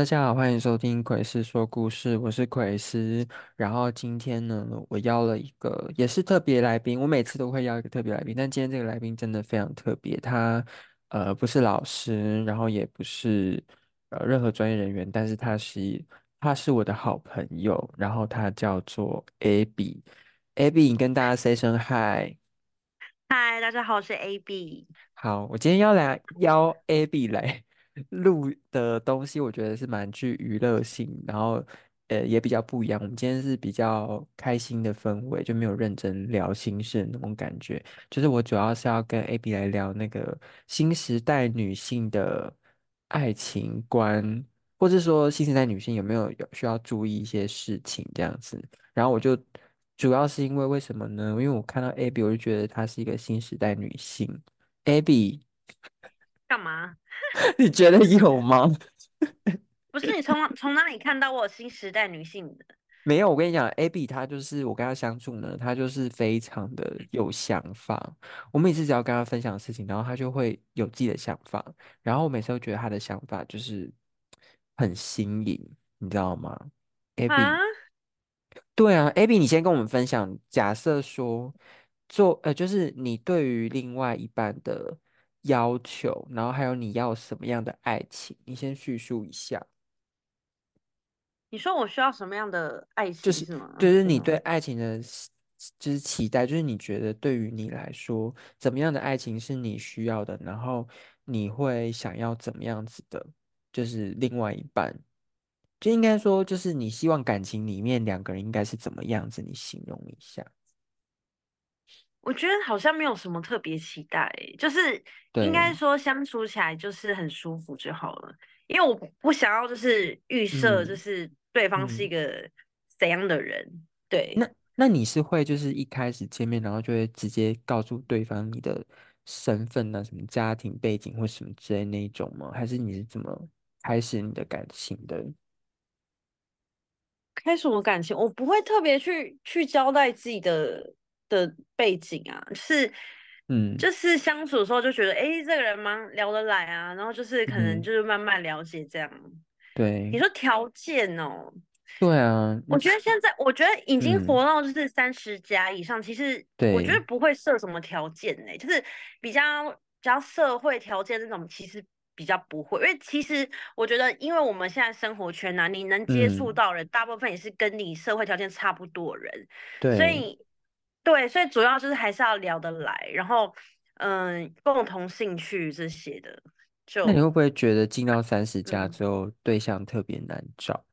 大家好，歡迎收聽奎斯說故事，我是奎斯。然後今天呢，我邀了一個也是特別來賓，我每次都會邀一個特別來賓，但今天這個來賓真的非常特別，他呃不是老師，然後也不是呃任何專業人員，但是他是他是我的好朋友，然後他叫做 Abbie，Abbie，你跟大家 say 聲 hi。嗨，大家好，我是 Abbie。好，我今天要來邀 Abbie 來。邀錄的東西我覺得是蠻具娛樂性，然後呃、欸、也比較不一樣。我們今天是比較開心的氛圍，就沒有認真聊心事那種感覺。就是我主要是要跟 Abbie 來聊那個新時代女性的愛情觀，或是說新時代女性有沒有有需要注意一些事情這樣子。然後我就主要是因為為什麼呢？因為我看到 Abbie，我就覺得她是一個新時代女性，Abbie。幹嘛？ 你覺得有嗎？ 不是，你從從哪裡看到我新時代女性的？ 沒有，我跟你講，Abbie，她就是，我跟她相處呢，她就是非常的有想法。我每次只要跟她分享的事情，然後她就會有自己的想法，然後我每次都覺得她的想法就是很新穎，你知道嗎？Abbie，啊，對啊，Abbie，你先跟我們分享，假設說做呃，就是你對於另外一半的。要求，然後還有你要什麼樣的愛情？你先敘述一下。你說我需要什麼樣的愛情？就是，就是你對愛情的，對。就是期待，就是你覺得對於你來說，怎麼樣的愛情是你需要的？然後你會想要怎麼樣子的？就是另外一半，就應該說，就是你希望感情裡面兩個人應該是怎麼樣子？你形容一下。我覺得好像沒有什麼特別期待，就是應該說相處起來就是很舒服就好了。因為我不想要就是預設就是對方是一個怎樣的人，嗯嗯、對。那那你是會就是一開始見面然後就會直接告訴對方你的身份啊，什麼家庭背景或什麼之類的那一種嗎？還是你是怎麼開始你的感情的？開始我、啊、感、感情，我不會特別去去交代自己的的背景啊，就是，嗯，就是相處的時候就覺得，哎、欸，這個人蠻聊得來啊，然後就是可能就是慢慢了解這樣。對、嗯，你說條件哦、喔？對啊。我覺得現在，我覺得已經活到就是三十加以上、嗯，其實我覺得不會設什麼條件呢、欸，就是比較比較社會條件那種，其實比較不會，因為其實我覺得，因為我們現在生活圈吶、啊，你能接觸到的人、嗯、大部分也是跟你社會條件差不多的人，對，所以。對，所以主要就是還是要聊得來，然後，嗯、呃，共同興趣這些的。就那你會不會覺得進到三十加之後，對象特別難找？嗯、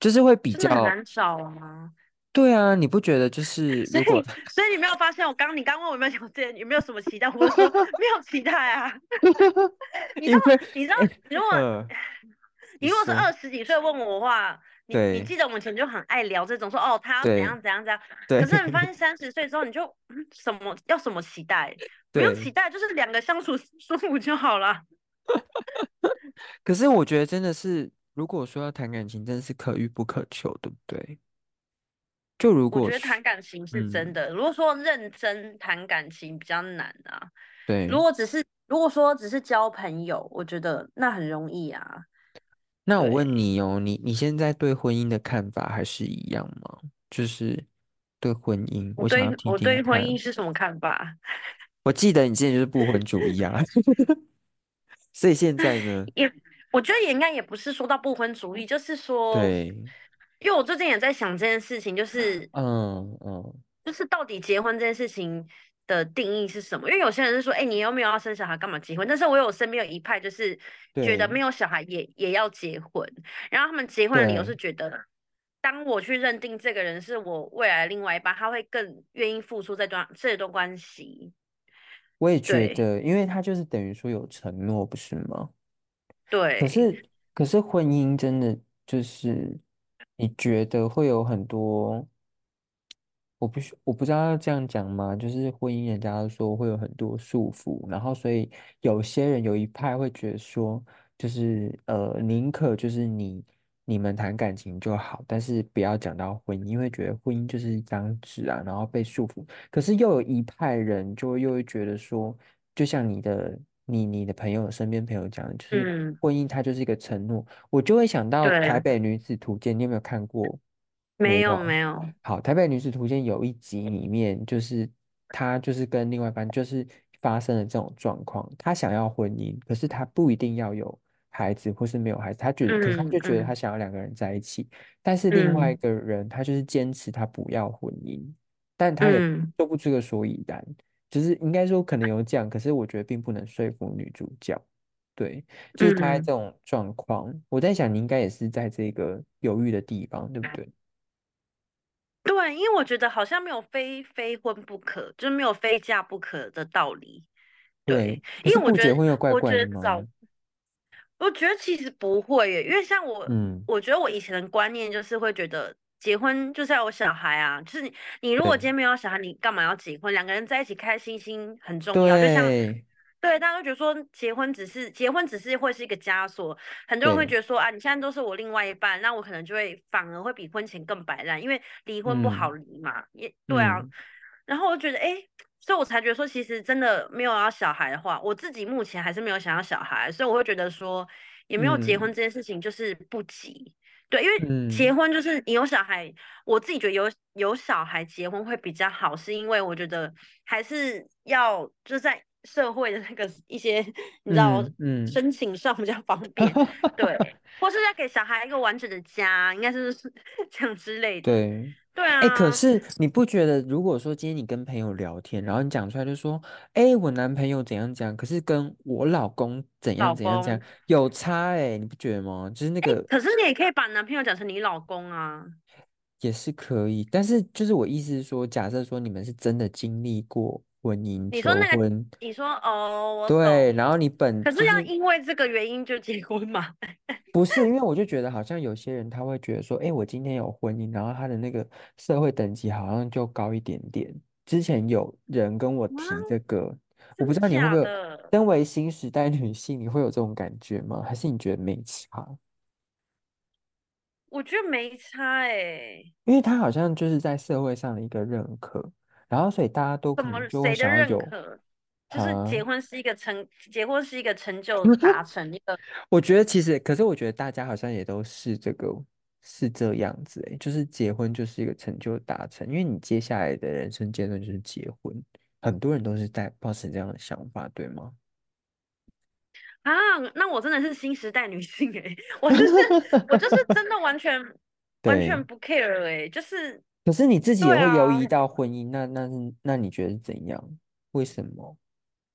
就是會比較難找嗎？對啊，你不覺得就是？如果所。所以你沒有發現我剛你剛問我有沒有這些，有沒有什麼期待？我說 沒有期待啊。 你知道？你知道？欸說呃、如果你如果是二十幾歲問我的話。你，你記得我們以前就很愛聊這種說哦，他要怎樣怎樣怎樣。對。可是你發現三十歲之後，你就什麼要什麼期待？對，不用期待，就是兩個相處舒服就好了。 可是我覺得真的是，如果說要談感情，真的是可遇不可求，對不對？就如果我覺得談感情是真的、嗯，如果說認真談感情比較難啊。對。如果只是如果說只是交朋友，我覺得那很容易啊。那我問你哦，你你現在對婚姻的看法還是一樣嗎？就是對婚姻，我對我，想聽聽我對婚姻是什麼看法？我記得你之前就是不婚主義啊， 所以現在呢？也我覺得也應該也不是說到不婚主義，就是說對，因為我最近也在想這件事情，就是嗯嗯，就是到底結婚這件事情。的定義是什麼？因為有些人是說，哎、欸，你又沒有要生小孩，幹嘛結婚？但是，我有身邊有一派，就是覺得沒有小孩也也，也要結婚。然後，他們結婚的理由是覺得，當我去認定這個人是我未來另外一半，他會更願意付出這段這段關係。我也覺得，因為他就是等於說有承諾，不是嗎？對。可是，可是婚姻真的就是你覺得會有很多。我不我不知道要這樣講嗎？就是婚姻，人家說會有很多束縛，然後所以有些人有一派會覺得說，就是呃，寧可就是你你們談感情就好，但是不要講到婚姻，因為覺得婚姻就是一張紙啊，然後被束縛。可是又有一派人就又會覺得說，就像你的你你的朋友身邊朋友講，就是婚姻它就是一個承諾。我就會想到《台北女子圖鑑》，你有沒有看過？沒有沒有，好，台北女子圖鑑有一集裡面，就是她就是跟另外一半就是發生了這種狀況，她想要婚姻，可是她不一定要有孩子或是沒有孩子，她覺得、嗯、可是她就覺得她想要兩個人在一起、嗯，但是另外一個人他就是堅持他不要婚姻，嗯、但他也說不出個所以然、嗯，就是應該說可能有講，可是我覺得並不能說服女主角，對，就是她在這種狀況，我在想你應該也是在這個猶豫的地方，對不對？因為我覺得好像沒有非非婚不可，就是沒有非嫁不可的道理。對，對，因為我覺得不結婚又怪怪的嗎？我覺得其實不會耶，因為像我，嗯，我覺得我以前的觀念就是會覺得結婚就是要有小孩啊，就是你你如果今天沒有小孩，你幹嘛要結婚？兩個人在一起開心心很重要，對就像。對，大家都覺得說結婚只是結婚只是會是一個枷鎖，很多人會覺得說啊，你現在都是我另外一半，那我可能就會反而會比婚前更擺爛，因為離婚不好離嘛。嗯、也對啊，然後我覺得哎、欸，所以我才覺得說，其實真的沒有要小孩的話，我自己目前還是沒有想要小孩，所以我會覺得說也沒有結婚這件事情就是不急。嗯、對，因為結婚就是你有小孩、嗯，我自己覺得有有小孩結婚會比較好，是因為我覺得還是要就在。社會的那個一些，你知道，嗯，嗯，申請上比較方便，對， 或是要給小孩一個完整的家，應該是這樣之類的，對，對啊。哎、欸，可是你不覺得，如果說今天你跟朋友聊天，然後你講出來就說，哎、欸，我男朋友怎樣講，可是跟我老公怎樣怎樣講，有差哎、欸，你不覺得嗎？就是那個、欸，可是你也可以把男朋友講成你老公啊，也是可以。但是就是我意思是說，假設說你們是真的經歷過。婚姻，求婚。你說你哦，對，然後你本、就是、可是要因為這個原因就結婚嘛？ 不是，因為我就覺得好像有些人他會覺得說，哎、欸，我今天有婚姻，然後他的那個社會等級好像就高一點點。之前有人跟我提這個，我不知道你會不會，身為新時代女性，你會有這種感覺嗎？還是你覺得沒差？我覺得沒差哎、欸，因為他好像就是在社會上的一個認可。然後，所以大家都誰的認可、啊，就是結婚是一個成，結婚是一個成就達成一、那個。我覺得其實，可是我覺得大家好像也都是這個，是這樣子哎、欸，就是結婚就是一個成就達成，因為你接下來的人生階段就是結婚，很多人都是在抱持這樣的想法，對嗎？啊，那我真的是新時代女性哎、欸，我就是 我就是真的完全完全不 care 哎、欸，就是。可是你自己也會猶疑到婚姻，啊、那那那你覺得怎樣？為什麼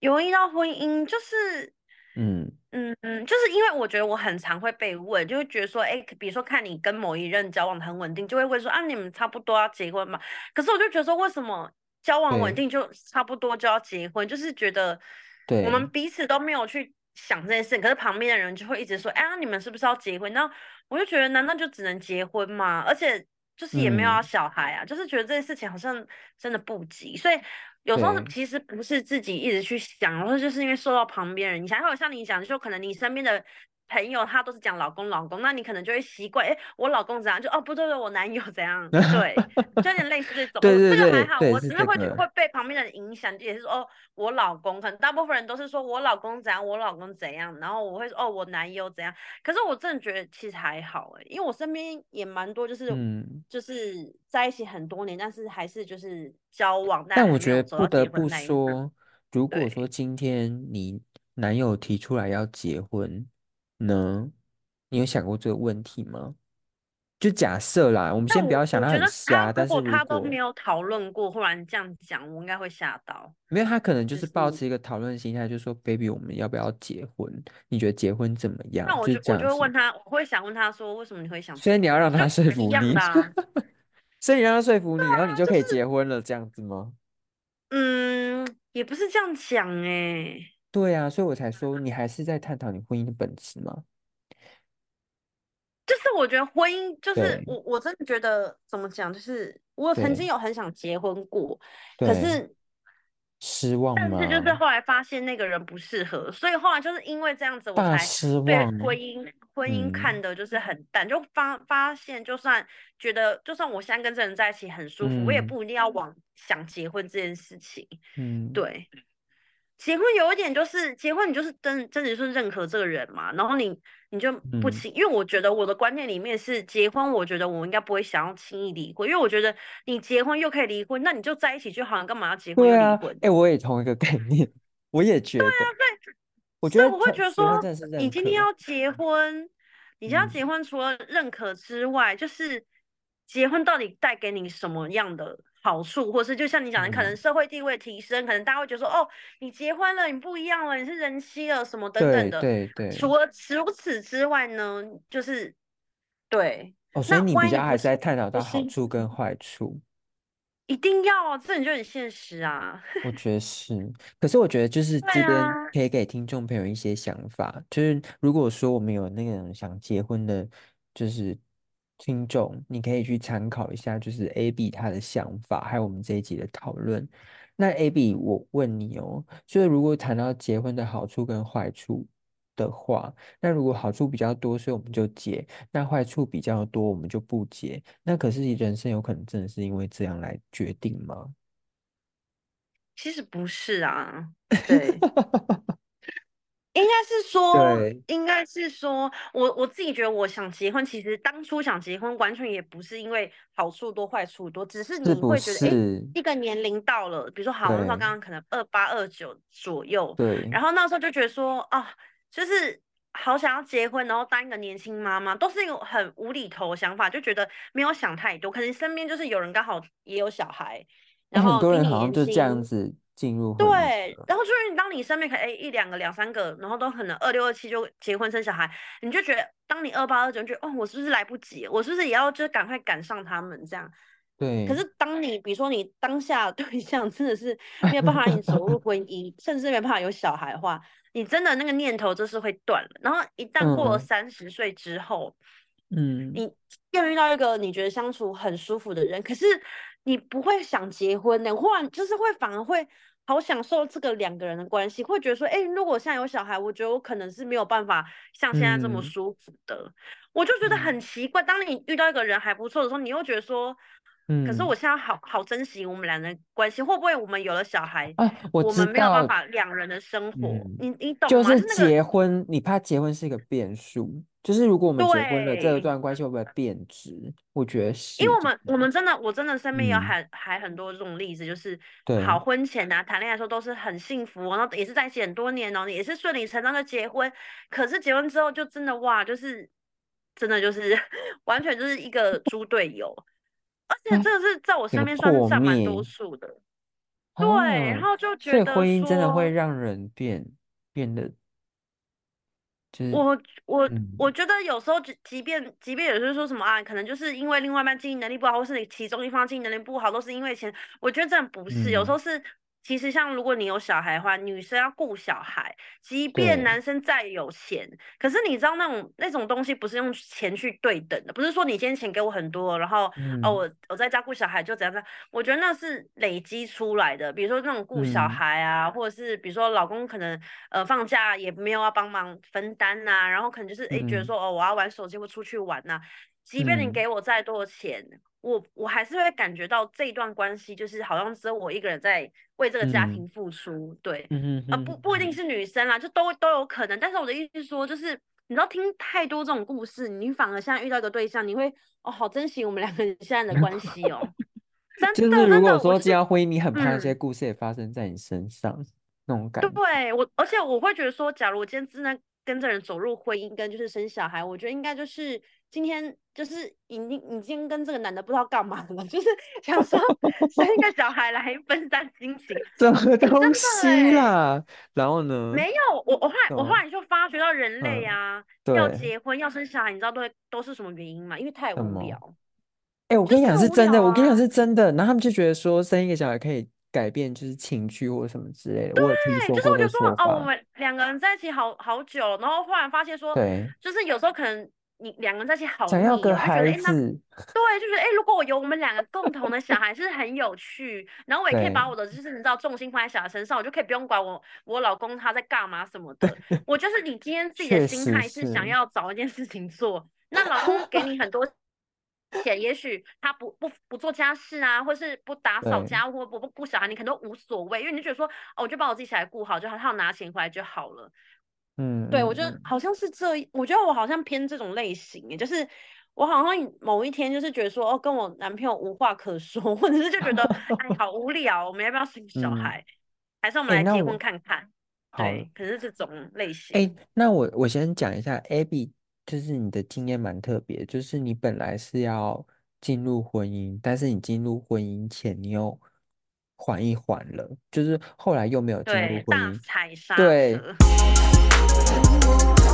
猶疑到婚姻？就是，嗯嗯嗯，就是因為我覺得我很常會被問，就會覺得說，哎、欸，比如說看你跟某一任交往很穩定，就會問說，啊，你們差不多要結婚嘛。可是我就覺得說，為什麼交往穩定就差不多就要結婚？就是覺得，對，我們彼此都沒有去想這件事，可是旁邊的人就會一直說，哎、啊，你們是不是要結婚？那我就覺得，難道就只能結婚嗎？而且。就是也沒有要小孩啊，嗯，就是覺得這件事情好像真的不急，所以有時候其實不是自己一直去想，有時就是因為受到旁邊人你想，或有像你講，就可能你身邊的。朋友他都是講老公老公，那你可能就會習慣哎，我老公怎樣，就哦不對，對我男友怎樣，對， 就有點類似這種，這、哦那個還好，對對我只是，是會會被旁邊的人影響，就、這個、也是說哦我老公，可能大部分人都是說我老公怎樣我老公怎樣，然後我會說哦我男友怎樣，可是我真的覺得其實還好哎，因為我身邊也蠻多就是嗯，就是在一起很多年，但是還是就是交往，但我覺得不得不說，不得不說如果說今天你男友提出來要結婚。對對能，你有想過這個問題嗎？就假設啦，我們先不要想他很瞎。但是他，他都沒有討論過，忽然這樣講，我應該會嚇到。但是沒有嚇到因為，他，可能就是抱持一個討論心態，就是就是、說 “baby，我們要不要結婚？你覺得結婚怎麼樣？”那我、就是、我就這樣就會問他，我會想問他說：“為什麼你會想說？”所以你要讓他說服你。就是啊、 所以你讓他說服你，啊，然後你就可以結婚了，就是，這樣子嗎？嗯，也不是這樣講誒、欸。對啊，所以我才說，你還是在探討你婚姻的本質嗎？就是我覺得婚姻就是我我真的覺得怎麼講，就是我曾經有很想結婚過，可是失望嗎？但是就是後來發現那個人不適合，所以後來就是因為這樣子，我才對婚姻失望，婚姻看的就是很淡，就發發現就算覺得就算我現在跟這人在一起很舒服，嗯，我也不一定要往想結婚這件事情。嗯，對。結婚有一點就是結婚，你就是真真的是認可這個人嘛，然後你你就不輕、嗯，因為我覺得我的觀念裡面是結婚，我覺得我應該不會想要輕易離婚，因為我覺得你結婚又可以離婚，那你就在一起就好像幹嘛要結婚離婚？哎、啊欸，我也同一個概念，我也覺得對啊對，我覺得所以我會覺得說，你今天要結婚，你今天要結婚除了認可之外，嗯、就是結婚到底帶給你什麼樣的？好處，或是就像你講的，可能社會地位提升，嗯，可能大家會覺得說，哦，你結婚了，你不一樣了，你是人妻了，什麼等等的。對對，對。除了除此之外呢，就是，對。哦，所以你比較還是在探討到好處跟壞處。一定要，喔，這你就很現實啊。 我覺得是，可是我覺得就是這邊可以給聽眾朋友一些想法，啊，就是如果說我們有那個想結婚的，就是。聽眾，你可以去參考一下，就是 Abbie 他的想法，還有我們這一集的討論。那 Abbie，我問你哦，就是如果談到結婚的好處跟壞處的話，那如果好處比較多，所以我們就結；那壞處比較多，我們就不結。那可是人生有可能真的是因為這樣來決定嗎？其實不是啊，對。 應該是說，應該是說，我我自己覺得，我想結婚，其實當初想結婚，完全也不是因為好處多、壞處多，只是你會覺得，哎、欸，一個年齡到了，比如說，好像到剛剛可能二八二九左右，對，然後那時候就覺得說，啊，就是好想要結婚，然後當一個年輕媽媽，都是一個很無厘頭的想法，就覺得沒有想太多，可能身邊就是有人剛好也有小孩，然後很多人好像就這樣子。進入對，然後就是你，當你身邊可以、欸、一兩個、兩三個，然後都可能二六二七就結婚生小孩，你就覺得，當你二八二九就覺得，哦，我是不是來不及？我是不是也要就趕快趕上他們這樣？對。可是當你比如說你當下對象真的是沒有辦法你走入婚姻， 甚至沒有辦法有小孩的話，你真的那個念頭就是會斷了。然後一旦過了三十歲之後，嗯，你又遇到一個你覺得相處很舒服的人，可是。你不會想結婚的、欸，或者就是會反而會好享受這個兩個人的關係，會覺得說，哎、欸，如果現在有小孩，我覺得我可能是沒有辦法像現在這麼舒服的。嗯、我就覺得很奇怪，當你遇到一個人還不錯的時候，你又覺得說。嗯，可是我現在好好珍惜我們倆的關係，會不會我們有了小孩，啊、我，我們沒有辦法兩人的生活？嗯、你你懂嗎？就是結婚、那個，你怕結婚是一個變數，就是如果我們結婚了，這一段關係會不會變質？我覺得是，因為我們我們真的，我真的身邊有很還、嗯、還很多這種例子，就是好婚前啊，談戀愛的時候都是很幸福，然後也是在一起很多年然後、哦、也是順理成章的結婚，可是結婚之後就真的哇，就是真的就是完全就是一個豬隊友。 而且這個是在我身邊算是佔蠻多數的，啊、對、哦，然後就覺得所以婚姻真的會讓人變變得，就是、我我、嗯、我覺得有時候即即便即便有時候說什麼啊，可能就是因為另外一半經營能力不好，或是你其中一方經營能力不好，都是因為錢，我覺得真的不是，有時候是。其實，像如果你有小孩的話，女生要顧小孩，即便男生再有錢，嗯、可是你知道那種那種東西不是用錢去對等的，不是說你今天錢給我很多，然後、嗯、哦我我在家顧小孩就怎樣？那我覺得那是累積出來的，比如說那種顧小孩啊，嗯、或者是比如說老公可能呃放假也沒有要幫忙分擔吶、啊，然後可能就是哎、嗯、覺得說哦我要玩手機或出去玩吶、啊，即便你給我再多的錢。我我還是會感覺到這一段關係，就是好像只有我一個人在為這個家庭付出，嗯、對，嗯嗯，嗯啊，不不一定是女生啦，就都都有可能。但是我的意思是說，就是你知道聽太多這種故事，你反而現在遇到一個對象，你會哦，好珍惜我們兩個人現在的關係哦、喔 真的，就是、如果說我、就是、即將婚姻，很怕一些故事也發生在你身上、嗯、那種感覺。對我，而且我會覺得說，假如我今天真的跟着人走入婚姻，跟就是生小孩，我覺得應該就是。今天就是已經已經跟這個男的不知道幹嘛了，就是想說生一個小孩來分散心情，什麼東西啦。然後呢？沒有，我我後來、嗯、我後來就發覺到人類啊，嗯、對，要結婚要生小孩，你知道都會都是什麼原因嗎？因為太無聊。哎、欸，我跟你講是真的，就是啊、我跟你講是真的。然後他們就覺得說生一個小孩可以改變就是情緒或者什麼之類的。對，我有聽說過。就是、我覺得說哦，我們兩個人在一起好好久，然後忽然發現說，對，就是有時候可能。你兩個人在一起好想要個孩子。欸、對，就是哎、欸，如果我有我們兩個共同的小孩， 是很有趣。然後我也可以把我的，就是你知道，重心放在小孩身上，我就可以不用管我我老公他在幹嘛什麼的。我就是你今天自己的心態是想要找一件事情做，那老公給你很多錢， 也許他不不不做家事啊，或是不打掃家務，或不不顧小孩，你可能都無所謂，因為你覺得說哦，我就把我自己小孩顧好，就好，他要拿錢回來就好了。嗯，對，我覺得好像是這，我覺得我好像偏這種類型，就是我好像某一天就是覺得說，哦，跟我男朋友無話可說，或者是就覺得，哎， 好無聊，我們要不要生小孩，嗯、還是我們來結婚看看？欸、對，可是這種類型。哎、欸，那我我先講一下，Abbie，就是你的經驗蠻特別，就是你本來是要進入婚姻，但是你進入婚姻前，你有。緩一緩了，就是後來又沒有進入過婚姻。對